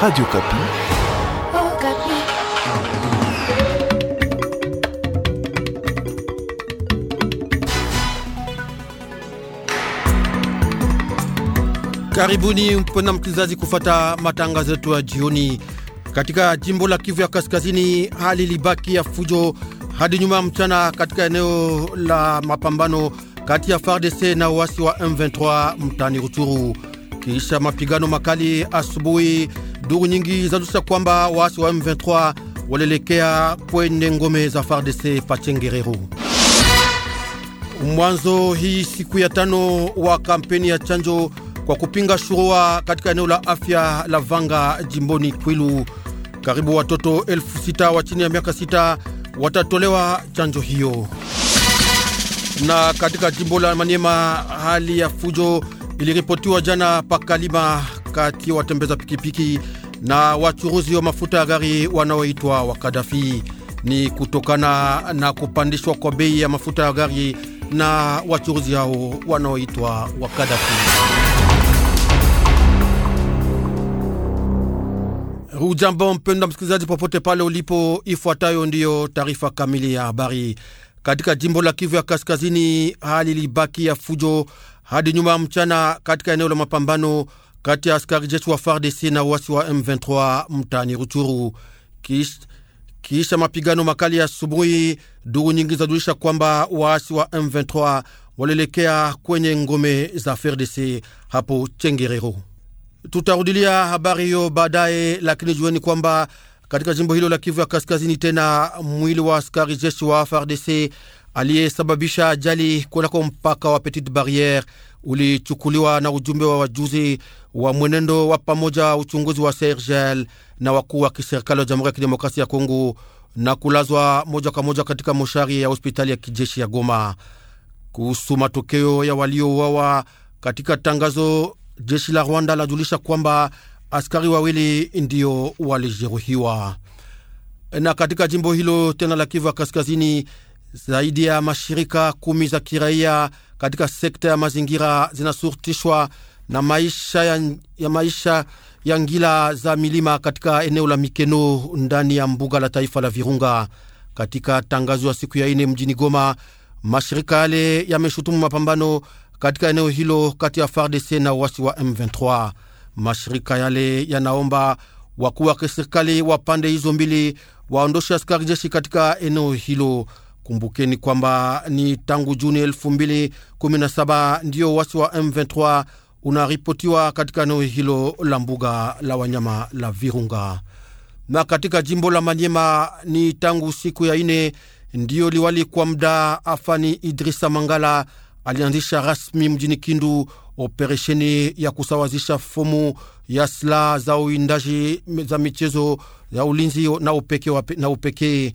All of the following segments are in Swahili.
Radio Kapi. Oh, Kapi. Karibuni mpona mkizazi kufata matangazo yetu ya jioni. Katika jimbo la Kivu ya Kaskazini, hali libaki ya fujo hadi nyuma ya mchana katika eneo la mapambano kati ya FARDC na uasi wa M23 mtani Ruchuru. Kisha mapigano makali asubuhi, Duru nyingi zazusha kwamba waasi wa M23 walielekea kwenye ngome za FARDC Pachengerero mwanzo hii siku ya tano wa kampeni ya chanjo kwa kupinga shurua katika eneo la afya la Vanga jimboni Kwilu. Karibu watoto elfu sita wa chini ya miaka sita watatolewa chanjo hiyo. Na katika jimbo la Maniema hali ya fujo iliripotiwa jana pakalima kati ya watembeza pikipiki na wachuruzi wa mafuta ya gari wanaoitwa wakadafi. Ni kutokana na kupandishwa kwa bei ya mafuta ya gari na wachuruzi hao wanaoitwa wakadafi. Ujambo mpenda msikilizaji, popote pale ulipo, ifuatayo ndiyo taarifa kamili ya habari. Katika jimbo la Kivu ya Kaskazini, hali ilibaki ya fujo hadi nyuma ya mchana katika eneo la mapambano kati ya askari jeshi wa FARDC na wasi wa M23 mtaani Ruchuru. Kish, kisha mapigano makali ya asubuhi, duru nyingi zajulisha kwamba waasi wa M23 walielekea kwenye ngome za FARDC hapo Chengerero. Tutarudilia habari hiyo baadaye, lakini jueni kwamba katika jimbo hilo la Kivu ya Kaskazini, tena mwili wa askari jeshi wa FARDC aliyesababisha ajali kunako mpaka wa Petite Barriere ulichukuliwa na ujumbe wa wajuzi wa mwenendo wa pamoja uchunguzi wa sergel na wakuu wa kiserikali wa Jamhuri ya Kidemokrasia ya Kongo na kulazwa moja kwa moja katika moshari ya hospitali ya kijeshi ya Goma. Kuhusu matokeo ya waliouawa katika tangazo, jeshi la Rwanda lajulisha kwamba askari wawili ndio walijeruhiwa. Na katika jimbo hilo tena la Kivu ya Kaskazini, zaidi ya mashirika kumi za kiraia katika sekta ya mazingira zinasurutishwa na maisha ya, ya maisha ya ngila za milima katika eneo la Mikeno ndani ya mbuga la taifa la Virunga. Katika tangazo ya siku ya ine mjini Goma, mashirika yale yameshutumu mapambano katika eneo hilo kati ya FARDC na wasi wa M23. Mashirika yale yanaomba wakuu wa kiserikali wa pande hizo mbili waondoshe askari jeshi katika eneo hilo. Kumbukeni kwamba ni tangu Juni 2017 ndiyo wasi wa M23 unaripotiwa katika eneo hilo la mbuga la wanyama la Virunga na katika jimbo la Manyema ni tangu siku ya ine ndiyo liwali kwa mda afani Idrisa Mangala alianzisha rasmi mjini Kindu operesheni ya kusawazisha fomu ya silaha za uindaji za michezo ya ulinzi na upekee na upekee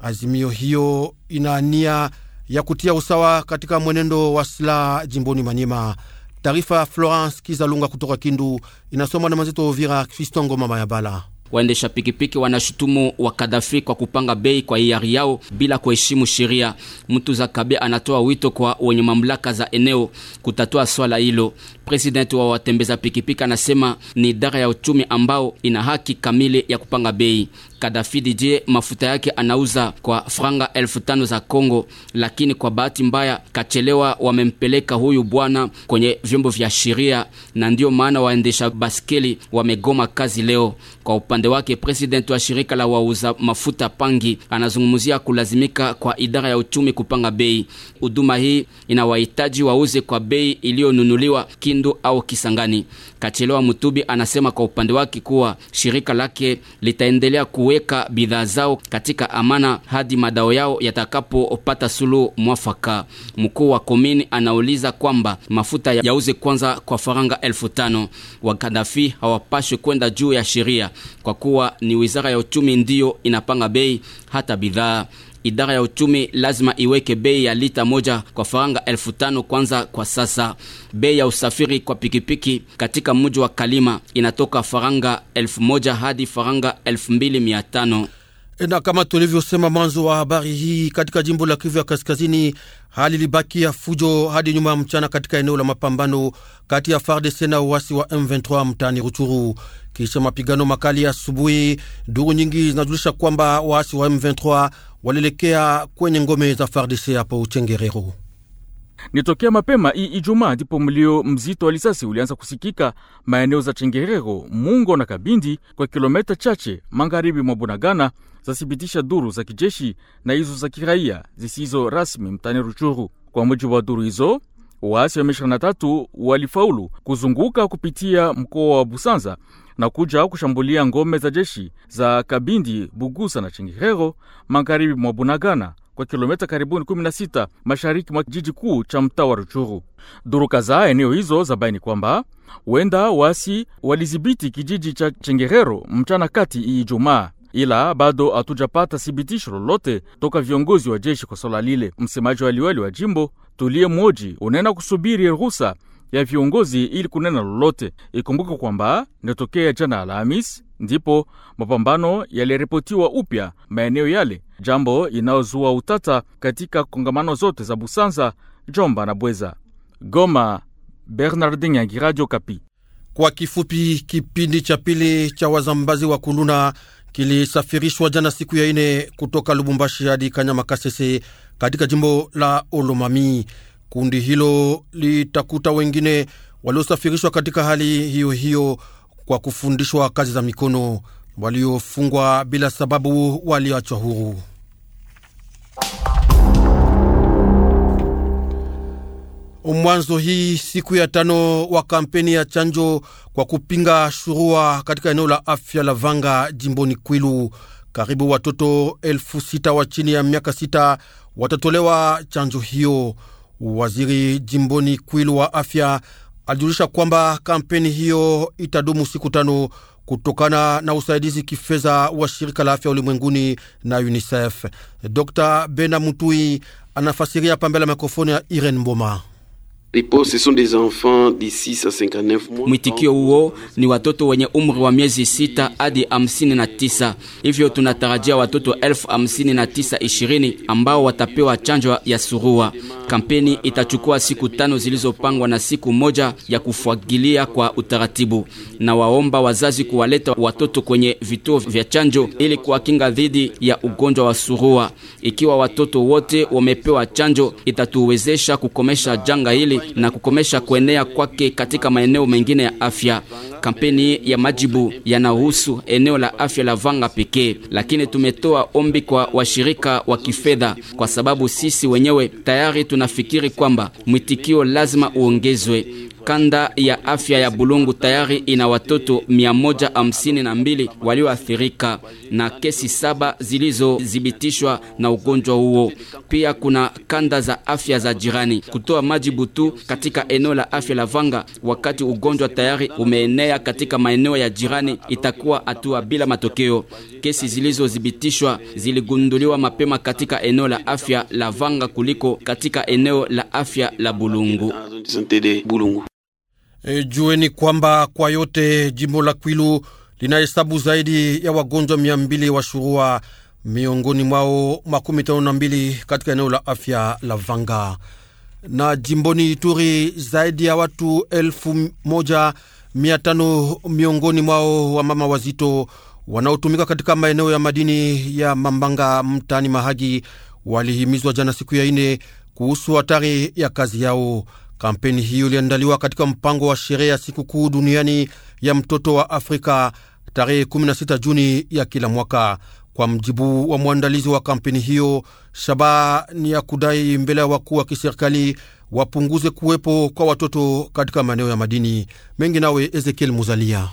Azimio hiyo ina nia ya kutia usawa katika mwenendo wa silaha jimboni Manyema. Taarifa ya Florence Kizalunga kutoka Kindu inasomwa na mwenzetu Ovira Fistongo mama ya Bala. Waendesha pikipiki wanashutumu wa Kadafi kwa kupanga bei kwa hiari yao bila kuheshimu sheria. Mtu za Kabe anatoa wito kwa wenye mamlaka za eneo kutatua swala hilo. Presidenti wa watembeza pikipiki anasema ni idara ya uchumi ambao ina haki kamili ya kupanga bei. Kadhafi Didier mafuta yake anauza kwa franga elfu tano za Kongo, lakini kwa bahati mbaya kachelewa, wamempeleka huyu bwana kwenye vyombo vya sheria, na ndiyo maana waendesha baskeli wamegoma kazi leo. Kwa upande wake, president wa shirika la wauza mafuta Pangi anazungumzia kulazimika kwa idara ya uchumi kupanga bei. Huduma hii inawahitaji wauze kwa bei iliyonunuliwa Kindu au Kisangani. Kachelewa Mutubi anasema kwa upande wake kuwa shirika lake litaendelea ku kuweka bidhaa zao katika amana hadi madao yao yatakapopata suluhu mwafaka. Mkuu wa komini anauliza kwamba mafuta yauze kwanza kwa faranga elfu tano. Wakadafi hawapashwe kwenda juu ya sheria kwa kuwa ni wizara ya uchumi ndiyo inapanga bei hata bidhaa idara ya uchumi lazima iweke bei ya lita moja kwa faranga elfu tano kwanza kwa sasa. Bei ya usafiri kwa pikipiki katika mji wa Kalima inatoka faranga elfu moja hadi faranga elfu mbili mia tano e, na kama tulivyosema mwanzo wa habari hii, katika jimbo la Kivu ya Kaskazini hali libaki ya fujo hadi nyuma ya mchana katika eneo la mapambano kati ya FARDC na uasi wa M23 mtaani Ruchuru. Kisha mapigano makali ya asubuhi, duru nyingi zinajulisha kwamba waasi wa M23 walielekea kwenye ngome za FARDC hapo Ni Nitokea mapema hii Ijumaa ndipo mlio mzito wa lisasi ulianza kusikika maeneo za Chengerero, Mungo na Kabindi kwa kilometa chache magharibi mwa Bunagana, zathibitisha duru za kijeshi na hizo za kiraia zisizo rasmi mtani Ruchuru. Kwa mujibu wa duru hizo, waasi wa M23 walifaulu kuzunguka kupitia mkoa wa Busanza na kuja kushambulia ngome za jeshi za Kabindi, Bugusa na Chengihego magharibi mwa Bunagana kwa kilomita karibuni 16 mashariki mwa jiji kuu cha mtaa wa Ruchuru. Duru kadhaa eneo hizo za baini kwamba wenda wasi walidhibiti kijiji cha Chengerero mchana kati hii Ijumaa, ila bado hatujapata thibitisho lolote toka viongozi wa jeshi kwa swala lile. Msemaji wa liwali wa jimbo Tulie Moji unena kusubiri ruhusa ya viongozi ili kunena lolote. Ikumbuke kwamba inatokea jana Alhamis ndipo mapambano yaliripotiwa upya maeneo yale, jambo inayozua utata katika kongamano zote za Busanza, Jomba na Bweza. Goma, Bernardin Yangi, Radio Kapi. Kwa kifupi, kipindi cha pili cha wazambazi wa kuluna kilisafirishwa jana siku ya ine kutoka Lubumbashi hadi Kanyama Kasese katika jimbo la Olomami. Kundi hilo litakuta wengine waliosafirishwa katika hali hiyo hiyo kwa kufundishwa kazi za mikono, waliofungwa bila sababu waliachwa huru. Mwanzo hii siku ya tano wa kampeni ya chanjo kwa kupinga shurua katika eneo la afya la Vanga jimboni Kwilu, karibu watoto elfu sita wa chini ya miaka sita watatolewa chanjo hiyo. Waziri jimboni Kwilu wa afya alijulisha kwamba kampeni hiyo itadumu siku tano kutokana na usaidizi kifedha wa shirika la afya ulimwenguni na UNICEF. Dr Bena Mutui anafasiria pambela mikrofoni ya Irene Mboma. Mwitikio huo ni watoto wenye umri wa miezi sita hadi hamsini na tisa. Hivyo tunatarajia watoto elfu hamsini na tisa ishirini ambao watapewa chanjo ya surua. Kampeni itachukua siku tano zilizopangwa na siku moja ya kufuagilia kwa utaratibu, na waomba wazazi kuwaleta watoto kwenye vituo vya chanjo ili kuwakinga dhidi ya ugonjwa wa surua. Ikiwa watoto wote wamepewa chanjo, itatuwezesha kukomesha janga hili na kukomesha kuenea kwake katika maeneo mengine ya afya. Kampeni ya majibu yanahusu eneo la afya la Vanga pekee, lakini tumetoa ombi kwa washirika wa kifedha, kwa sababu sisi wenyewe tayari tunafikiri kwamba mwitikio lazima uongezwe kanda ya afya ya Bulungu tayari ina watoto mia moja hamsini na mbili walioathirika na kesi saba zilizothibitishwa na ugonjwa huo. Pia kuna kanda za afya za jirani kutoa maji butu katika eneo la afya la Vanga, wakati ugonjwa tayari umeenea katika maeneo ya jirani, itakuwa hatua bila matokeo. Kesi zilizothibitishwa ziligunduliwa mapema katika eneo la afya la Vanga kuliko katika eneo la afya la Bulungu. E, jueni kwamba kwa yote jimbo la Kwilu linahesabu zaidi ya wagonjwa mia mbili wa shurua, miongoni mwao makumi tano na mbili katika eneo la afya la Vanga na jimboni Ituri zaidi ya watu elfu moja mia tano miongoni mwao wa mama wazito wanaotumika katika maeneo ya madini ya Mambanga mtaani Mahagi walihimizwa jana siku ya ine kuhusu hatari ya kazi yao. Kampeni hiyo iliandaliwa katika mpango wa sherehe ya sikukuu duniani ya mtoto wa Afrika tarehe 16 Juni ya kila mwaka. Kwa mjibu wa mwandalizi wa kampeni hiyo, shabaha ni ya kudai mbele ya wakuu wa kiserikali wapunguze kuwepo kwa watoto katika maeneo ya madini mengi. Nawe Ezekiel Muzalia.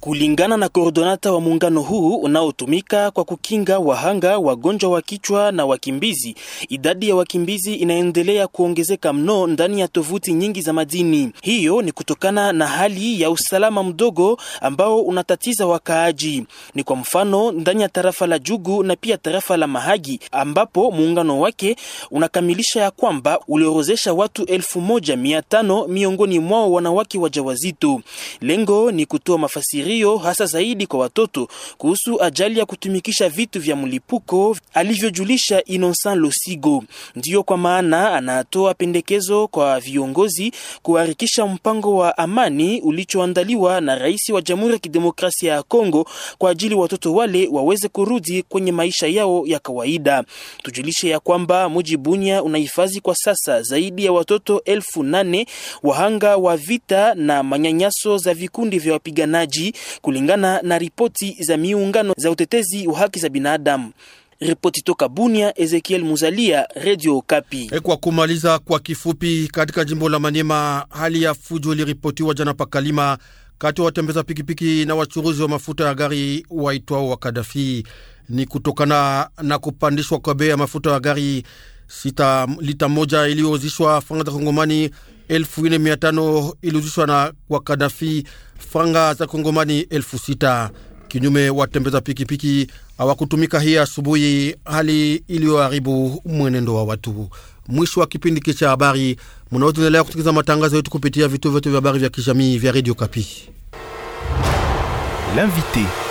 Kulingana na koordonata wa muungano huu unaotumika kwa kukinga wahanga wagonjwa wa kichwa na wakimbizi, idadi ya wakimbizi inaendelea kuongezeka mno ndani ya tovuti nyingi za madini. Hiyo ni kutokana na hali ya usalama mdogo ambao unatatiza wakaaji. Ni kwa mfano ndani ya tarafa la Jugu na pia tarafa la Mahagi ambapo muungano wake unakamilisha ya kwamba uliorozesha watu elfu moja mia tano miongoni mwao wanawake wajawazito. Lengo ni kutoa mafasiri makadirio hasa zaidi kwa watoto kuhusu ajali ya kutumikisha vitu vya mlipuko, alivyojulisha Innocent Losigo. Ndiyo kwa maana anatoa pendekezo kwa viongozi kuharakisha mpango wa amani ulichoandaliwa na rais wa Jamhuri ya Kidemokrasia ya Kongo kwa ajili watoto wale waweze kurudi kwenye maisha yao ya kawaida. Tujulishe ya kwamba mji Bunia unahifadhi kwa sasa zaidi ya watoto elfu nane wahanga wa vita na manyanyaso za vikundi vya wapiganaji kulingana na ripoti za miungano za utetezi wa haki za binadamu. Ripoti toka Bunia, Ezekiel Muzalia, Radio E, Kwa kumaliza kwa kifupi, katika jimbo la Manyema hali ya fujo iliripotiwa jana pakalima kati wa watembeza pikipiki na wachuruzi wa mafuta ya gari waitwao wa Kadafi. Ni kutokana na kupandishwa kwa bei ya mafuta ya gari sita lita moja iliyouzishwa faranga za Kongomani elfu ine mia tano ilihuzishwa na kwa Kadafi franga za Kongomani elfu sita kinyume. Watembeza pikipiki hawakutumika hii asubuhi, hali iliyoharibu mwenendo wa watu. Mwisho wa kipindi cha habari, mnaweza kuendelea kusikiliza matangazo yetu kupitia vituo vyetu vya habari vya kijamii vya Radio Kapi. L'invité